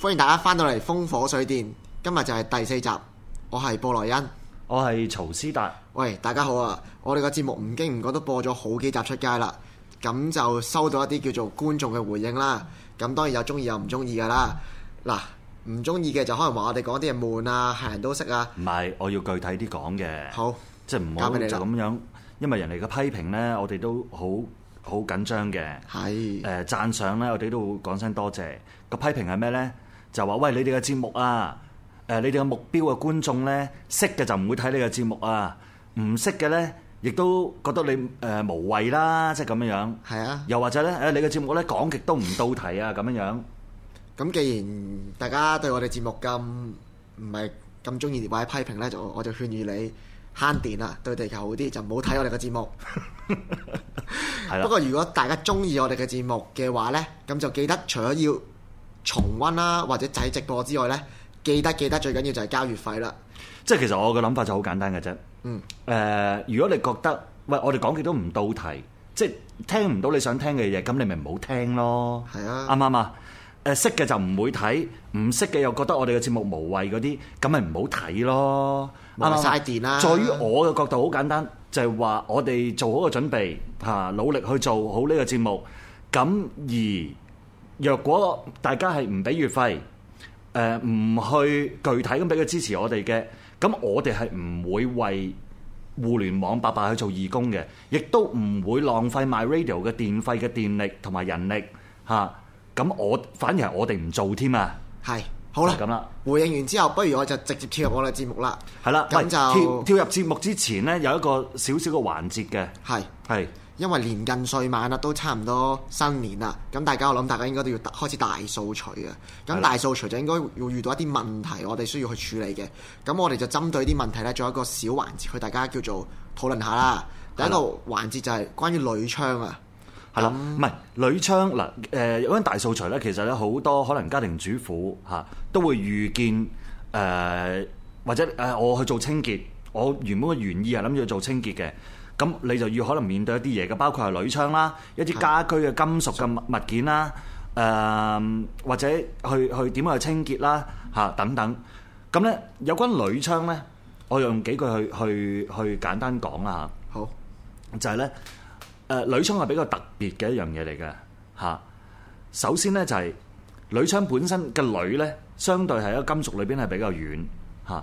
歡迎大家返到嚟《烽火水店》，今日就係第四集。我係布萊恩，我係曹思達。喂，大家好啊！我哋個節目唔經唔覺都播咗好幾集出街啦，咁就收到一啲叫做觀眾嘅回應啦。咁當然有中意有唔中意噶啦。嗱、嗯，唔中意嘅就可能話我哋講啲嘢悶啊，係人都識啊。唔係，我要具體啲講嘅。好，即係唔好就咁樣，因為人哋嘅批評呢，我哋都好好緊張嘅。係。誒讚賞呢，我哋都會講聲多謝。個批評係咩呢？就話喂你哋嘅節目啊，誒你哋嘅目標嘅觀眾咧，識嘅就唔會睇你嘅節目啊，唔識嘅咧，亦都覺得你誒無謂啦，即係咁樣樣。係啊，又或者咧，誒你嘅節目咧講極都唔到題啊，咁樣樣。咁既然大家對我哋節目咁唔係咁中意或者批評咧，就我就勸喻你慳電啦，對地球好啲，就唔好睇我哋嘅節目。係啦。不過如果大家中意我哋嘅節目嘅話咧，咁就記得除咗要重温啦、啊，或者睇直播之外呢，記得記得最緊要就係交月費啦。即係其實我嘅諗法就好簡單嘅啫。嗯。誒、呃，如果你覺得喂，我哋講極都唔到題，即、就、係、是、聽唔到你想聽嘅嘢，咁你咪唔好聽咯。係是啊。啱唔啱啊？誒，識嘅就唔會睇，唔識嘅又覺得我哋嘅節目無謂嗰啲，咁咪唔好睇咯。啱曬電啦、啊吧。在於我嘅角度好簡單，是啊、就係話我哋做好個準備嚇，努力去做好呢個節目，咁而若果大家係唔俾月費，誒、呃、唔去具體咁俾佢支持我哋嘅，咁我哋係唔會為互聯網白白去做義工嘅，亦都唔會浪費 MyRadio 嘅電費嘅電力同埋人力吓。咁、啊、我反而係我哋唔做添啊。係好啦，咁啦，回應完之後，不如我就直接跳入我哋節目啦。係啦的，咁就跳、跳入節目之前呢，有一個小小嘅環節嘅。係係是。因為年近歲晚啦，都差唔多新年啦，咁大家我諗大家應該都要開始大掃除嘅，咁大掃除就應該要遇到一啲問題，我哋需要去處理嘅。咁我哋就針對啲問題呢，做一個小環節，去大家叫做討論下啦。第一個環節就係關於鋁窗啊，係咯的，唔係、嗯、鋁窗嗱，誒有間大掃除呢，其實呢好多可能家庭主婦嚇都會遇見誒、呃，或者誒、呃、我去做清潔，我原本嘅原意係諗住做清潔嘅。咁你就要可能面對一啲嘢嘅，包括係鋁窗啦，一啲家居嘅金屬嘅物件啦，誒的、呃、或者去去點樣去清潔啦，嚇等等。咁咧有關鋁窗咧，我用幾句去去去簡單講啦吓，好，就係咧，誒、呃、鋁窗係比較特別嘅一樣嘢嚟嘅嚇。首先咧就係、是、鋁窗本身嘅鋁咧，相對係喺個金屬裏邊係比較軟嚇。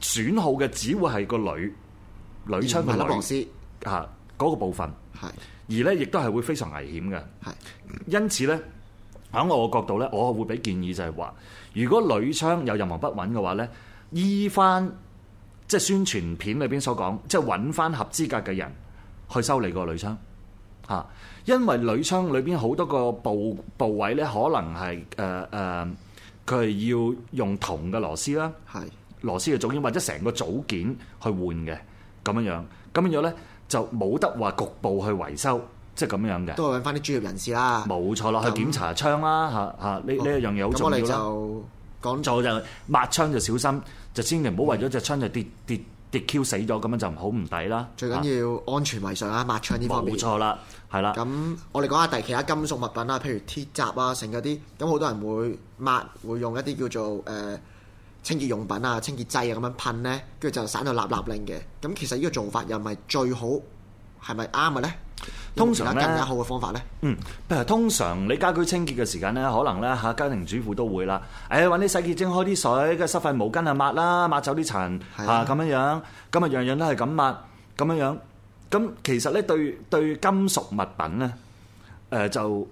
損耗嘅只會係個鋁鋁窗嘅螺絲啊，嗰個部分係，而咧亦都係會非常危險嘅。係，因此咧，喺我嘅角度咧，我會俾建議就係話，如果鋁窗有任何不穩嘅話咧，依翻即係宣傳片裏邊所講，即係揾翻合資格嘅人去修理個鋁窗啊，因為鋁窗裏邊好多個部部位咧，可能係誒誒，佢係要用銅嘅螺絲啦。係。螺絲嘅組件或者成個組件去換嘅咁樣樣，咁樣樣咧就冇得話局部去維修，即係咁樣嘅。都係揾翻啲專業人士啦。冇錯啦，落、嗯、去檢查窗啦，嚇嚇呢呢一樣嘢好重要啦。咁我哋就講咗就抹窗就小心，就千祈唔好為咗隻窗就跌跌跌 Q 死咗，咁樣就唔好唔抵啦。最緊要安全為上啦，抹、啊、窗呢方面。冇錯啦，係啦。咁我哋講下第其他金屬物品啦，譬如鐵閘啊，成嗰啲，咁好多人會抹，會用一啲叫做誒。呃清潔用品啊，清潔劑啊，咁樣噴咧，跟住就散到立立令嘅。咁其實呢個做法又唔係最好，係咪啱嘅咧？通常咧，更加好嘅方法咧，嗯，譬如通常你家居清潔嘅時間咧，可能咧吓家庭主婦都會啦。誒、哎，揾啲洗潔精開啲水，跟住濕塊毛巾啊抹啦，抹走啲塵吓咁樣樣，咁啊樣樣，樣都係咁抹，咁樣樣。咁其實咧對對金屬物品咧，誒、呃、就誒、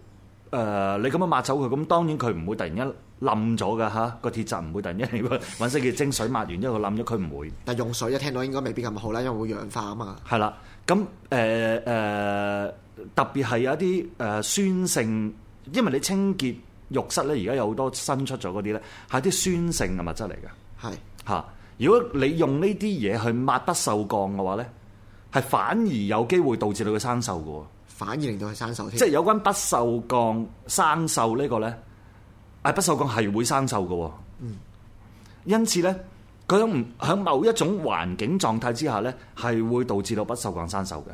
呃、你咁樣抹走佢，咁當然佢唔會突然一。冧咗噶吓，個鐵閘唔會突然間揾些嘅蒸水抹完，之後佢冧咗佢唔會。但係用水一聽到應該未必咁好啦，因為會氧化啊嘛。係啦，咁誒誒，特別係有一啲誒酸性，因為你清潔浴室咧，而家有好多新出咗嗰啲咧，係啲酸性嘅物質嚟嘅。係吓是，如果你用呢啲嘢去抹不鏽鋼嘅話咧，係反而有機會導致到佢生鏽嘅，反而令到佢生鏽。即係有關不鏽鋼生鏽呢個咧？但係不鏽鋼係會生鏽嘅，嗯，因此咧，佢喺某一種環境狀態之下咧，係會導致到不鏽鋼生鏽嘅。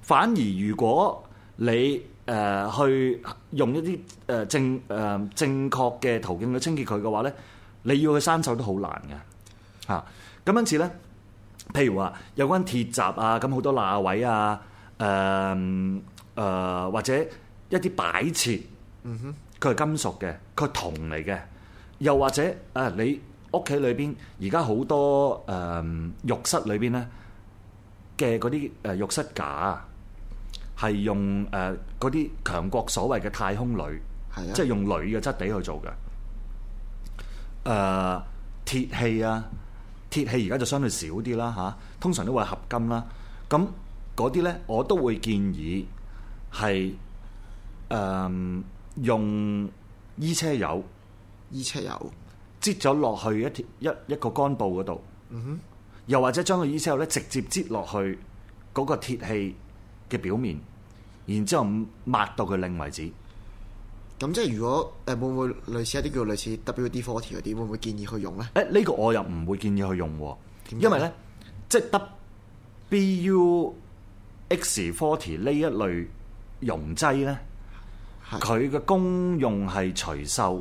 反而如果你誒去用一啲誒正誒正確嘅途徑去清潔佢嘅話咧，你要佢生鏽都好難嘅嚇。咁因此咧，譬如話有關鐵閘啊，咁好多罅位啊，誒、呃、誒、呃、或者一啲擺設，嗯哼。佢係金屬嘅，佢係銅嚟嘅。又或者，誒、呃，你屋企裏邊而家好多誒浴室裏邊咧嘅嗰啲誒浴室架啊，係用誒嗰啲強國所謂嘅太空鋁，係啊，即係用鋁嘅質地去做嘅。誒、呃，鐵器啊，鐵器而家就相對少啲啦，吓、啊，通常都會合金啦。咁嗰啲咧，我都會建議係誒。呃用衣車油，衣車油，擠咗落去一條一一,一個乾布嗰度，嗯、哼，又或者將個衣車油咧直接擠落去嗰個鐵器嘅表面，然之後抹到佢令為止。咁、嗯、即係如果誒、呃、會唔會類似一啲叫類似 W D forty 嗰啲，40，會唔會建議去用咧？誒呢、欸這個我又唔會建議去用喎，因為咧即係 W D X forty 呢一類溶劑咧。佢嘅功用係除鏽、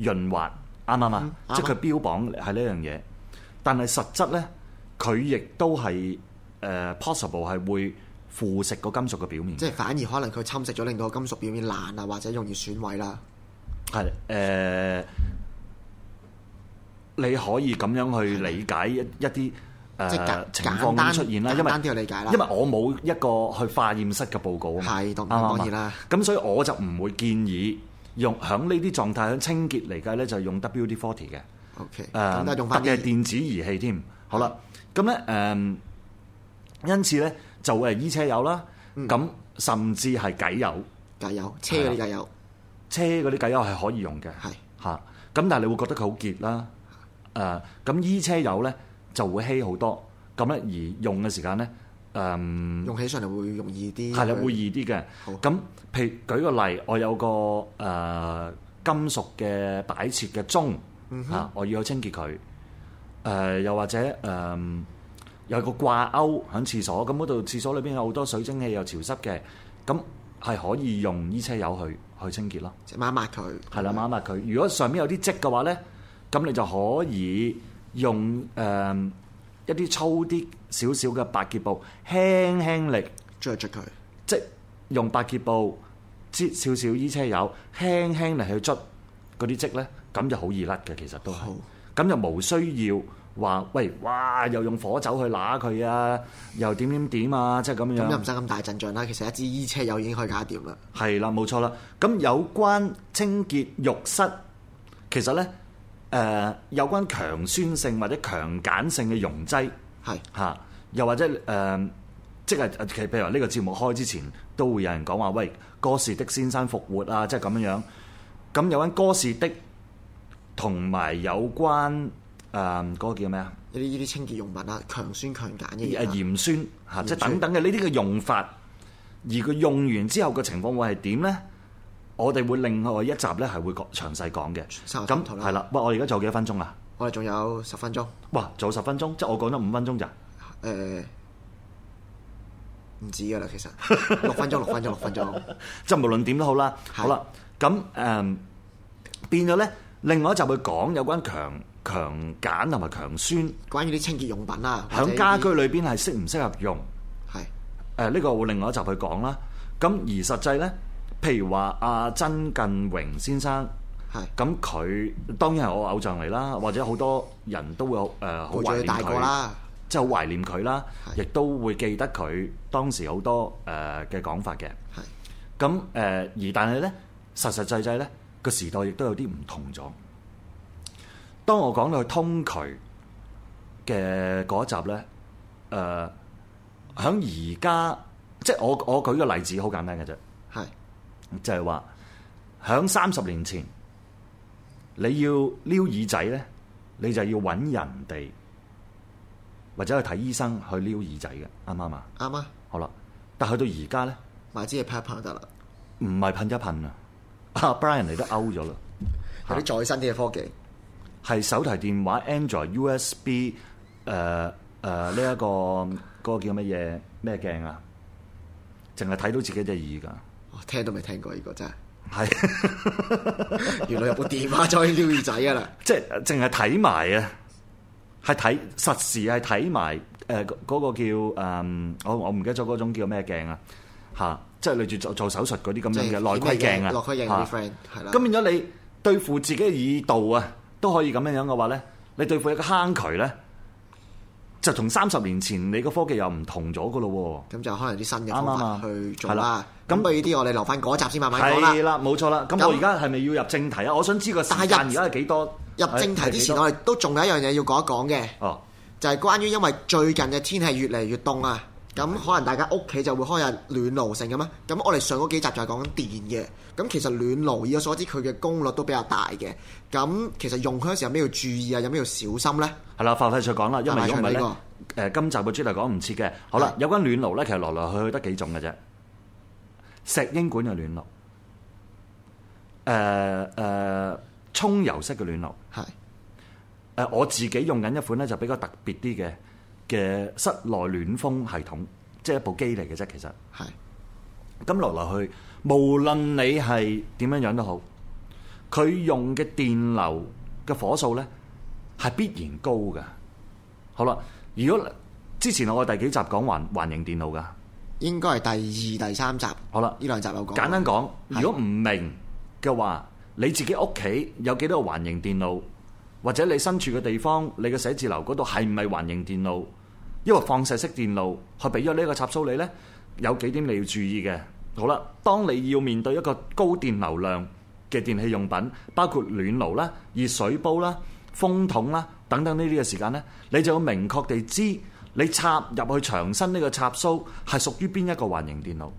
潤滑，啱唔啱啊？嗯、即係佢標榜係呢樣嘢，但係實質咧，佢亦都係誒 possible 係會腐蝕個金屬嘅表面。即係反而可能佢侵蝕咗，令到金屬表面爛啊，或者容易損毀啦。係誒、呃，你可以咁樣去理解一一啲。即係簡單出現啦，因為我冇一個去化驗室嘅報告，係當然當然啦。咁所以我就唔會建議用響呢啲狀態，響清潔嚟計咧就係用 WD forty 嘅。OK，咁但係仲化驗嘅係電子儀器添。好啦，咁咧誒，因此咧就誒衣車油啦，咁甚至係偈油、偈油、車嘅偈油、車嗰啲偈油係可以用嘅。係嚇，咁但係你會覺得佢好結啦。誒，咁衣車油咧？就會稀好多，咁咧而用嘅時間咧，誒、嗯、用起上嚟會容易啲。係啦，會易啲嘅。咁好譬如舉個例，我有個誒、呃、金屬嘅擺設嘅鐘、嗯、哼啊，我要去清潔佢。誒、呃、又或者誒、呃、有個掛鈎喺廁所，咁嗰度廁所裏邊有好多水蒸氣又潮濕嘅，咁係可以用衣車油去去清潔咯。即抹一抹佢。係啦、嗯，抹抹佢。如果上面有啲積嘅話咧，咁你就可以。用誒、呃、一啲粗啲少少嘅白潔布，輕輕力捽捽佢，捉捉即用白潔布擠少少衣車油，輕輕嚟去捽嗰啲跡咧，咁就好易甩嘅。其實都好，咁就冇需要話喂，哇！又用火酒去揦佢啊，又點點點啊，即係咁樣。咁又唔使咁大陣仗啦，其實一支衣車油已經可以搞掂啦。係啦，冇錯啦。咁有關清潔浴室，其實咧。誒、呃、有關強酸性或者強鹼性嘅溶劑，係嚇是、啊，又或者誒、呃，即係譬如話呢個節目開之前，都會有人講話，喂哥士的先生復活啊，即係咁樣樣。咁有關哥士的同埋有，有關誒嗰、呃那個叫咩啊？呢啲呢啲清潔用物啊，強酸強鹼嘅、啊，誒鹽酸嚇，啊、醉即係等等嘅呢啲嘅用法，而佢用完之後嘅情況會係點咧？我哋會另外一集咧係會講詳細講嘅，咁係啦。喂，我而家仲有幾多分鐘啊？我哋仲有十分鐘。哇！仲有十分鐘，即係我講咗五分鐘咋？誒，唔止噶啦，其實,其實 六分鐘、六分鐘、六分鐘，即係無論點都好啦。是好啦，咁誒、呃，變咗咧，另外一集去講有關強強鹼同埋強酸，關於啲清潔用品啊，喺家居裏邊係適唔適合用？係誒是，呢、呃這個會另外一集去講啦。咁而實際咧。譬如話阿曾近榮先生，係咁佢當然係我偶像嚟啦，或者好多人都會誒好、呃、懷念佢啦，即係好懷念佢啦，亦是都會記得佢當時好多誒嘅講法嘅。係咁誒，而但係咧實實際際咧個時代亦都有啲唔同咗。當我講到去通渠嘅嗰集咧，誒喺而家即係我我舉個例子好簡單嘅啫。就係話，響三十年前，你要撩耳仔咧，你就要揾人哋，或者去睇醫生去撩耳仔嘅，啱唔啱啊？啱啊吧！好啦，但去到而家咧，買支嘢噴一噴得啦。唔係噴一噴啊 ！Brian 你都勾咗啦，係啲再新啲嘅科技，係手提電話 Android USB 誒誒呢一個嗰個叫乜嘢咩鏡啊？淨係睇到自己隻耳㗎。聽都未聽過呢、這個真係，係 原來有部電話再撩耳仔噶啦、 呃那個呃，即係淨係睇埋啊，係睇實時係睇埋誒嗰個叫誒我我唔記得咗嗰種叫咩鏡啊？吓，即係類似做做手術嗰啲咁樣嘅內窺鏡啊，落去影啲 friend 係啦。咁變咗你對付自己嘅耳道啊都可以咁樣樣嘅話咧，你對付一個坑渠咧？就同三十年前，你個科技又唔同咗噶咯喎。咁就可能啲新嘅方法去做啦。咁對於啲我哋留翻嗰集先慢慢講啦。係冇錯啦。咁我而家係咪要入正題啊？那我想知個時間而家係幾多？入，入正題之前，我哋都仲有一樣嘢要講一講嘅。哦，就係關於因為最近嘅天氣越嚟越凍啊。咁可能大家屋企就會開下暖爐性嘅咩？咁我哋上嗰幾集就係講緊電嘅。咁其實暖爐以我所知佢嘅功率都比較大嘅。咁其實用佢嗰時候有咩要注意啊？有咩要小心咧？係啦，費費再講啦，因為如果唔係誒今集嘅主題講唔切嘅。好啦，的有關暖爐咧，其實來來去去得幾種嘅啫。石英管嘅暖爐，誒、呃、誒，充、呃、油式嘅暖爐，係的。誒、呃、我自己用緊一款咧就比較特別啲嘅。嘅室內暖風系統，即係一部機嚟嘅啫，其實。係是。咁落落去，無論你係點樣樣都好，佢用嘅電流嘅火數咧，係必然高㗎。好啦，如果之前我第幾集講環環形電路噶？應該係第二、第三集。好啦吧，呢兩集有講。簡單講，是如果唔明嘅話，你自己屋企有幾多個環形電路？或者你身處嘅地方，你嘅寫字樓嗰度係唔係環形電路？因為放射式電路去俾咗呢個插蘇你呢，有幾點你要注意嘅。好啦，當你要面對一個高電流量嘅電器用品，包括暖爐啦、熱水煲啦、風筒啦等等呢啲嘅時間呢，你就要明確地知你插入去牆身呢個插蘇係屬於邊一個環形電路，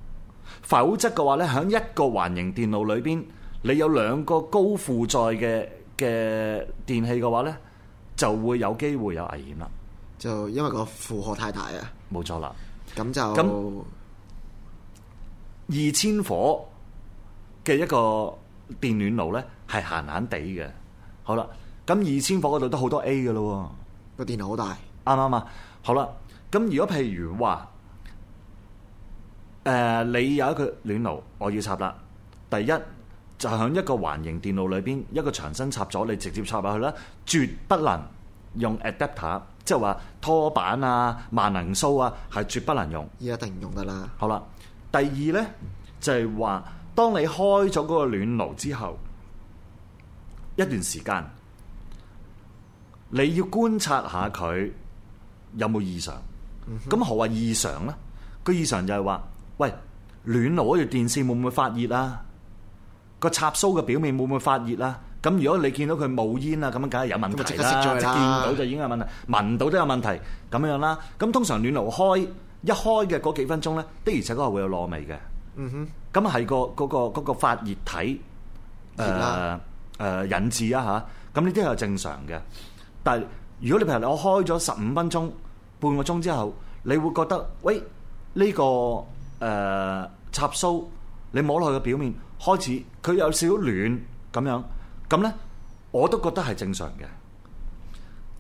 否則嘅話呢，喺一個環形電路裏邊，你有兩個高負載嘅。嘅電器嘅話咧，就會有機會有危險啦。就因為個負荷太大啊。冇錯啦。咁就咁，二千火嘅一個電暖爐咧，係閒閒地嘅。好啦，咁二千火嗰度都好多 A 嘅咯。個電流好大。啱啱啊。好啦，咁如果譬如話，誒、呃，你有一個暖爐，我要插啦。第一。就喺一個環形電路裏邊，一個長身插咗，你直接插入去啦，絕不能用 adapter，即係話拖板啊、萬能梳啊，係絕不能用。依家一定用得啦。好啦，第二呢，就係、是、話，當你開咗嗰個暖爐之後一段時間，你要觀察下佢有冇異常。咁、嗯、哼何謂異常呢，那個異常就係話，喂，暖爐嗰條電線會唔會發熱啊？個插蘇嘅表面會唔會發熱啦？咁如果你見到佢冒煙啊，咁樣梗係有問題啦。即見到就已經有問題，聞到都有問題，咁樣啦。咁通常暖爐開一開嘅嗰幾分鐘咧，的而且確會有燶味嘅。嗯哼，咁係、嗰個嗰、嗰個、嗰個發熱體誒誒、嗯哼呃呃、引致啊吓。咁呢啲係正常嘅。但係如果你譬如我開咗十五分鐘、半個鐘之後，你會覺得喂呢、呢個誒、呃、插蘇？你摸落去嘅表面開始，佢有少少暖咁樣，咁咧我都覺得係正常嘅。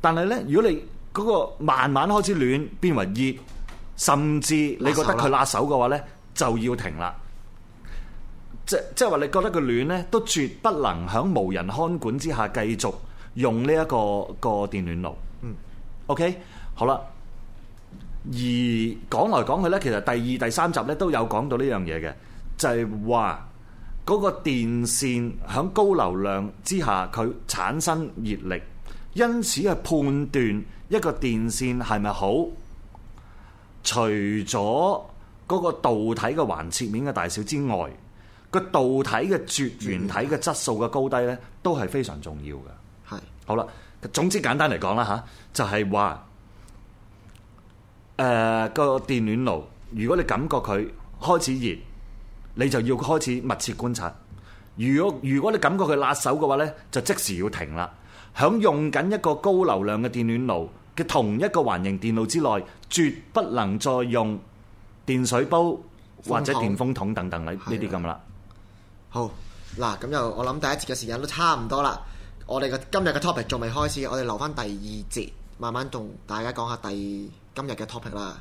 但係呢，如果你嗰個慢慢開始暖變為熱，甚至你覺得佢辣手嘅話呢，就要停啦。即即係話，你覺得個暖呢，都絕不能響無人看管之下繼續用呢一個個電暖爐。嗯，OK，好啦。而講來講去呢，其實第二、第三集呢都有講到呢樣嘢嘅。就係話嗰個電線喺高流量之下，佢產生熱力，因此係判斷一個電線係咪好，除咗嗰個導體嘅橫切面嘅大小之外，個導體嘅絕緣體嘅質素嘅高低呢，都係非常重要嘅。係。是的 好啦，總之簡單嚟講啦吓，就係話誒個電暖爐，如果你感覺佢開始熱，你就要開始密切觀察，如果如果你感覺佢辣手嘅話呢，就即時要停啦。響用緊一個高流量嘅電暖爐嘅同一個環形電路之內，絕不能再用電水煲或者電風筒等等呢啲咁啦。好，嗱，咁就我諗第一節嘅時間都差唔多啦，我哋嘅今日嘅 topic 仲未開始，我哋留翻第二節，慢慢同大家講下第今日嘅 topic 啦。